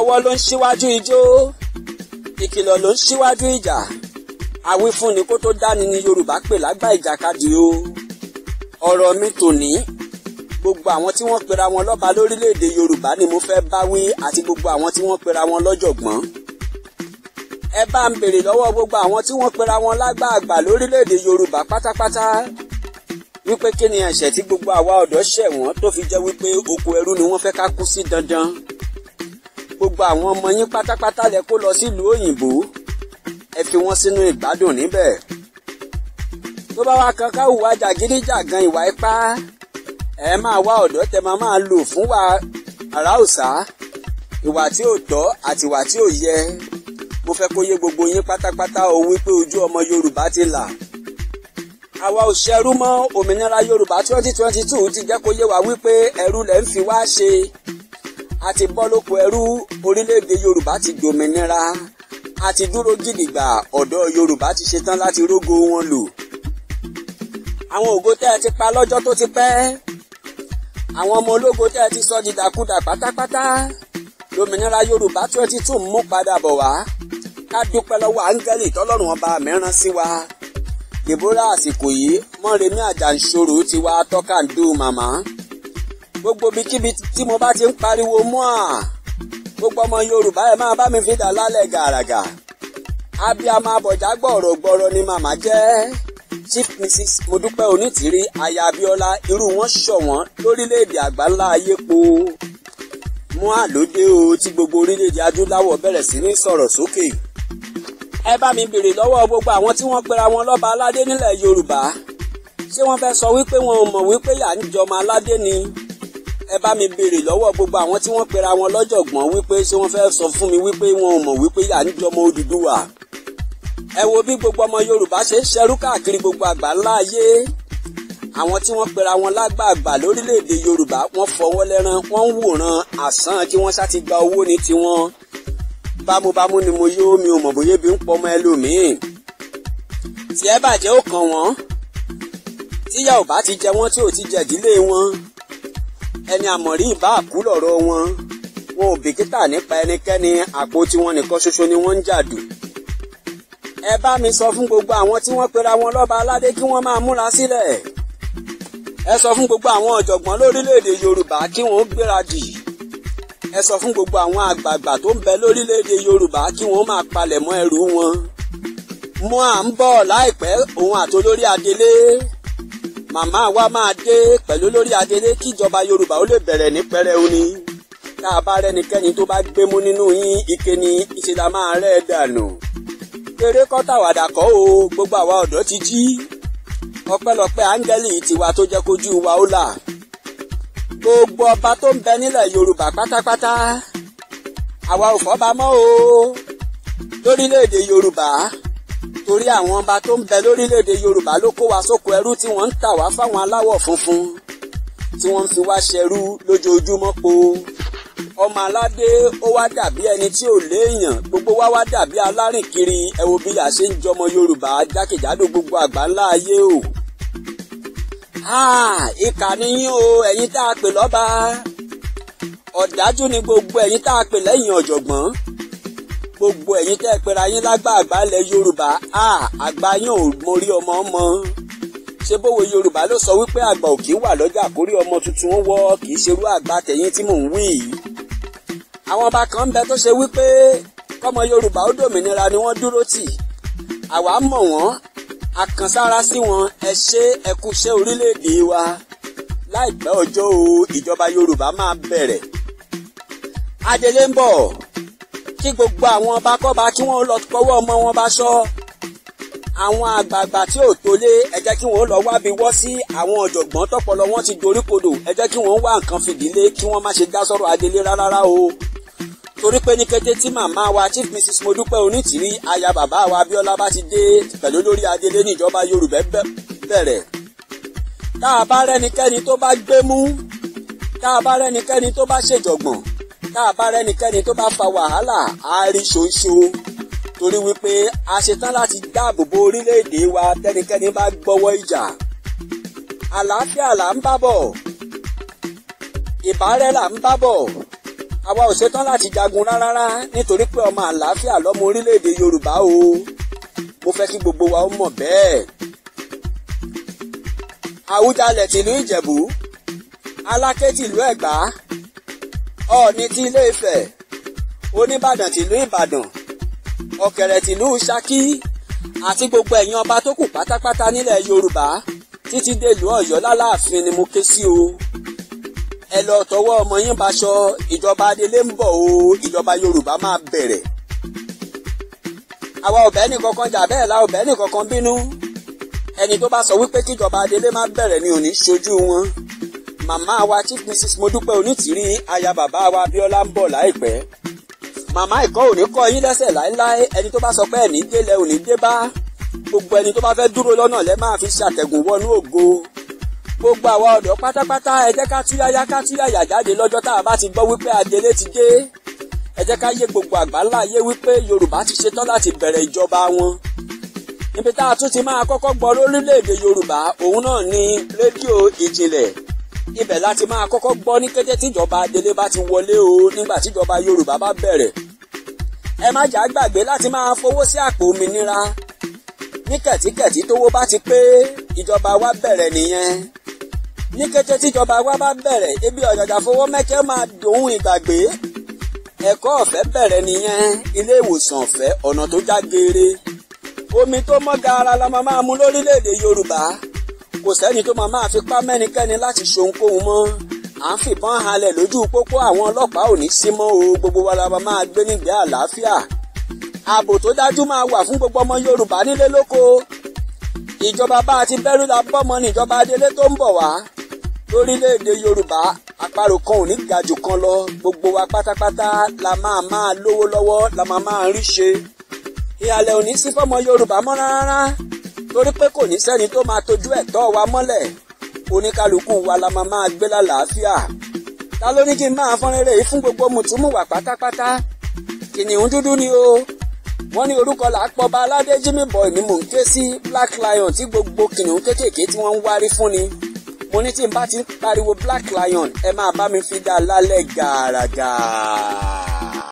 ọwọ́ ló ń ṣíwájú ijó ìkìlọ̀ ló ń ṣíwájú ìjà àwífúnni kó tó dání ni Yorùbá pè lágbà ìjàkadì o ọ̀rọ̀ mi tòní gbogbo àwọn tí wọ́n pera wọn lọ́ba lórílẹ̀‐èdè Yorùbá ni mo fẹ́ bá wí àti gbogbo àwọn tí wọ́n pera wọn lọ́jọ̀gbọ́n ẹ bá ń bèrè lọ́wọ́ gbogbo àwọn tí wọ́n pera wọn lágbààgbà lórílẹ̀‐èdè Yorùbá pátápátá wípé kí ni ẹ̀ṣẹ̀ tí gbogbo àwa ọ̀dọ́ ṣẹ̀ wọ́n tó fi jẹ́ wípé oko ẹrú ni wọ́n fẹ́ ká kú sí dandan gbogbo àwọn ọmọ yín pátápátá lẹ kó lọ sílùú òyìnbó ẹ fi wọ́n sínú ìgbádùn níbẹ̀ tó bá wá kan ká hùwà jàgídíjàgan ìwà ipá ẹ máa wá ọ̀dọ́ tẹ máa máa lò fún wa àrà òsà ìwà tí ò tọ́ àti ìwà tí ò yẹ mo fẹ́ kó yé gbogbo yín pátápátá o wípé ojú ọmọ Yorùbá ti là àwa ò ṣẹrú mọ́ òmìnira Yorùbá twenty twenty two ti jẹ́ kó yé wa wípé ẹrú lẹ́ ń fi wá ṣe a ti bọ́ lóko ẹrú orílẹ̀-èdè yorùbá ti dòmìnira a ti dúró gidigba ọ̀dọ́ yorùbá ti ṣetán láti rógo wọn lò àwọn ògo tẹ́ ẹ ti pa lọ́jọ́ tó ti pẹ́ àwọn ọmọ ológo tẹ́ ẹ ti sọ di dàkúdà pátápátá lómìnira yorùbá tí wọ́n ti tún mú padà bọ̀ wá ká dúpẹ́ lọ́wọ́ áńgẹ́lì tọ́lọ́run ọba mìíràn sí wa dèbórà àsìkò yìí mọ́remí àjàǹṣòro ti wá tọ́kàndó màmá gbogbo ibikíbi tí mo bá ti ń pariwo mua gbogbo ọmọ Yorùbá ẹ máa bá mi fi dà lálẹ́ gàràgà abiyamọ abọjá gbọrọ gbọrọ ni màmá jẹ́ chief mrs Modúpẹ́ Onítìrí aya Abíọ́lá irú wọn ṣọ̀wọ́n lórílẹ̀ àgbáńlá ayé po mua ló o tí gbogbo orílẹ̀-èdè adúláwọ̀ bẹ̀rẹ̀ sí ní sọ̀rọ̀ sókè ẹ bá mi béèrè lọ́wọ́ gbogbo àwọn tí wọ́n pera wọn lọ́ba aládé nílẹ̀ Yorùbá ṣé wọ́n fẹ́ sọ wípé wọn ò mọ̀ wípé yà ń jọmọ aládé ni ẹ bá mi béèrè lọ́wọ́ gbogbo àwọn tí wọ́n pera wọn lọ́jọ̀gbọ́n wípé ṣé wọ́n fẹ́ sọ fún mi wípé wọn ò mọ̀ wípé à ń jọmọ Odùduwà ẹ wo bí gbogbo ọmọ Yorùbá ṣe ń ṣerú káàkiri gbogbo àgbáńlá ayé àwọn tí wọ́n pera wọn lágbààgbà lórílẹ̀‐èdè Yorùbá wọ́n fọwọ́ lẹ́ran wọ́n ń wòran àsán kí wọ́n sáti gba owó ní tiwọn bámúbámú ni mo yó mi ò mọ̀ bóyá ebi ń pọ̀ ọmọ ẹlòmíì tí ẹ bàjẹ́ ó kàn wọ́n tíyà ò bá ti jẹ wọ́n tí ò ti jẹ ìdílé wọn ẹni àmọ̀rí ìbá àkú lọ̀rọ̀ wọn wọn ò bìkítà nípa ẹnikẹ́ni àpò tiwọn nìkan ṣoṣo ni wọ́n ń jàdù. ẹ bá mi sọ fún gbogbo àwọn tí wọ́n pera wọn lọ́ba aládé kí wọ́n máa múra sílẹ̀. ẹ sọ fún gbogbo àwọn ọ̀jọ̀gbọ́n lórílẹ̀‐èdè yorùbá kí wọ́n gbéradì. ẹ sọ fún gbogbo àwọn àgbààgbà tó ń bẹ lórílẹ̀‐èdè yorùbá kí wọ́n máa palẹ̀mọ́ ẹrù wọn. mo à ń bọ̀ láìpẹ́ òun àtolórí adelé màmá wa máa dé pẹ̀lú lórí adélé kíjọba yorùbá ó lè bẹ̀rẹ̀ ní pẹrẹu ni tá a bá rẹ́nikẹ́ni tó bá gbémú nínú yín ike ni ìṣe la máa rẹ́ dànù eré kọ́tà wàdà kọ́ o gbogbo àwa ọ̀dọ́ ti jí ọpẹ́lọpẹ́ áńgẹ́lì tiwa tó jẹ́ kojú wa ó là gbogbo ọba tó ń bẹ nílẹ̀ yorùbá pátápátá àwa ò fọ́ba mọ́ o lórílẹ̀‐èdè yorùbá torí àwọn ọba tó ń bẹ lórílẹ̀‐èdè yorùbá ló kó wa sóko ẹrú tí wọ́n ń tà wá fáwọn aláwọ̀ funfun tí wọ́n ń fi wá ṣẹrú lójoojúmọ́ po ọmọ aládé ó wá dàbí ẹni tí ò léèyàn gbogbo wa wá dàbí alárìn kiri ẹ bí a ṣe ń jọmọ yorùbá jákèjádò gbogbo àgbáńlá ayé o. ìkà ni o ẹ̀yin tá a pè lọ́ba ọ̀dájú ni gbogbo ẹ̀yin tá a pè lẹ́yìn ọ̀jọ̀gbọ́n gbogbo ẹ̀yin tẹ́ ẹ pera yín lágbà àgbálẹ̀ yorùbá àgbà yín ò mórí ọmọ mọ́ ṣé bówe yorùbá ló sọ wípé àgbà ò kì í wà lọ́jà àkórí ọmọ tuntun ó wọ́ kì í ṣerú àgbà tẹ̀yìn tí mò ń wí yìí àwọn ọba kan ń bẹ tó ṣe wípé kọ́mọ yorùbá ó dòmìnira ni wọ́n dúró tì àwa mọ̀ wọ́n àkànsára sí wọn ẹ ṣe ẹ kú ṣe orílẹ̀-èdè wa láìpẹ́ ọjọ́ o ìjọba yorùbá máa bẹ̀rẹ̀ adélé ń bọ̀ kí gbogbo àwọn ọbakọ́ba kí wọ́n lọ kọ́wọ́ ọmọ wọn bá ṣọ́ àwọn àgbààgbà tí ò tó lé ẹ jẹ́ kí wọ́n lọ wábi wọ́ sí àwọn ọ̀jọ̀gbọ́n tọ́pọlọ wọn ti dorí kodò ẹ jẹ́ kí wọ́n wá nǹkan fìdílé kí wọ́n má ṣe dá sọ̀rọ̀ adelé rárá o torí pé ní kété tí màmá wa chief mrs modúpẹ́ onítìrí aya bàbá wa abíọ́lá bá ti dé pẹ̀lú lórí adelé níjọba yorùbá bẹ̀rẹ̀ tá a bá rẹ́nikẹ́ni tó bá gbé mú tá a bá rẹ́nikẹ́ni tó bá ṣèjọ̀gbọ̀n tá a bá rẹ́nikẹ́ni tó bá fa wàhálà á rí ṣoṣo torí wípé a ṣetán láti dáàbò bo orílẹ̀-èdè wa tẹ́nikẹ́ni bá gbọ́wọ́ ìjà àlàáfíà là ń bá bọ̀ ìbárẹ́ là ń bá bọ̀ àwa ò ṣetán láti jagun rárá nítorí pé ọmọ àlàáfíà lọ́mọ orílẹ̀-èdè Yorùbá o mo fẹ́ kí gbogbo wa ó mọ̀ bẹ́ẹ̀. Àwùjalẹ̀ tìlú Ìjẹ̀bú Aláké tìlú Ẹ̀gbá ọ̀ọ̀ni ti ilé ifẹ̀ oníbàdàn tìlú ìbàdàn ọ̀kẹ̀rẹ̀ tìlú ṣakí àti gbogbo ẹ̀yin ọba tó kù pátápátá nílẹ̀ yorùbá títí dèlú ọ̀yọ́ lálàáfin ni mo ké sí o ẹ lọ tọwọ́ ọmọ yín baṣọ ìjọba adélé ń bọ̀ o ìjọba yorùbá máa bẹ̀rẹ̀ àwa ọ̀bẹ nìkankan jà bẹ́ẹ̀ la ọ̀bẹ nìkankan bínú ẹni tó bá sọ wípé kíjọba adélé má bẹ̀rẹ̀ ni ò ní ṣojú wọn màmá wa chief mrs Modupe onítìrí aya bàbá wa abíọ́lá ń bọ̀ láìpẹ́ màmá ìkọ́ òní kọ́ yín lẹ́sẹ̀ láéláé ẹni tó bá sọ pé ẹ̀ní délẹ̀ òní dé bá gbogbo ẹni tó bá fẹ́ dúró lọ́nà lẹ́ máa fi ṣàtẹ̀gùn wọnú ògo gbogbo àwa ọ̀dọ́ pátápátá ẹ jẹ́ ká túyáyá ká túyáyá jáde lọ́jọ́ tá a bá ti gbọ́ wípé adelé ti dé ẹ jẹ́ ká yé gbogbo àgbáńlá ayé wípé yorùbá ti ṣetán láti bẹ̀rẹ̀ ìjọba ibẹ̀ láti máa kọ́kọ́ gbọ́ ní kété tíjọba délé bá ti wọlé o nígbà tíjọba Yorùbá bá bẹ̀rẹ̀ ẹ má jà gbàgbé láti máa fowó sí àpò òmìnira ní kẹ̀tíkẹ̀tí tówó bá ti pé ìjọba wa bẹ̀rẹ̀ nìyẹn ní kété tíjọba wa bá bẹ̀rẹ̀ ebi ọ̀jọ̀jà fowó mẹ́kẹ́ máa dòun ìgbàgbé ẹ̀kọ́ ọ̀fẹ́ bẹ̀rẹ̀ nìyẹn ilé ìwòsàn ọ̀fẹ́ ọ̀nà tó já geere omi tó mọ́ gaara la máa mú lórílẹ̀‐èdè Yorùbá kò sẹ́ni tó máa máa fipá mẹ́nikẹ́ni láti ṣohunkóhun mọ́ à ń fìbọn halẹ̀ lójú pópó àwọn ọlọ́pàá ò ní sí mọ́ o gbogbo wa la máa gbé nígbé àlàáfíà ààbò tó dájú máa wà fún gbogbo ọmọ Yorùbá nílé lóko ìjọba bá a ti bẹ́rù la bọ́mọ ní ìjọba adélé tó ń bọ̀ wá lórílẹ̀‐èdè Yorùbá àparò kan ò ní ga jù kan lọ gbogbo wa pátápátá la máa máa lówó lọ́wọ́ la máa máa rí ṣe ìhàlẹ̀ ò ní sí fọ́mọ Yorùbá mọ́ rárá torí pé kò ní sẹ́ni tó máa tọ́jú ẹ̀tọ́ wa mọ́lẹ̀ oníkálukú wa la máa máa gbé lálàáfíà ta ló ní kí n máa fọ́n rere fún gbogbo mùtúmùwà pátápátá kìnìún dúdú ni o wọ́n ní orúkọ là á aládé Jimmy Boy ni mò ń ké sí Black Lion tí gbogbo kìnìún kéékèèké tí wọ́n ń wárí fún ni mo ní tí n bá ti pariwo Black Lion ẹ máa bá mi fi dá a lálẹ́ gàràgà.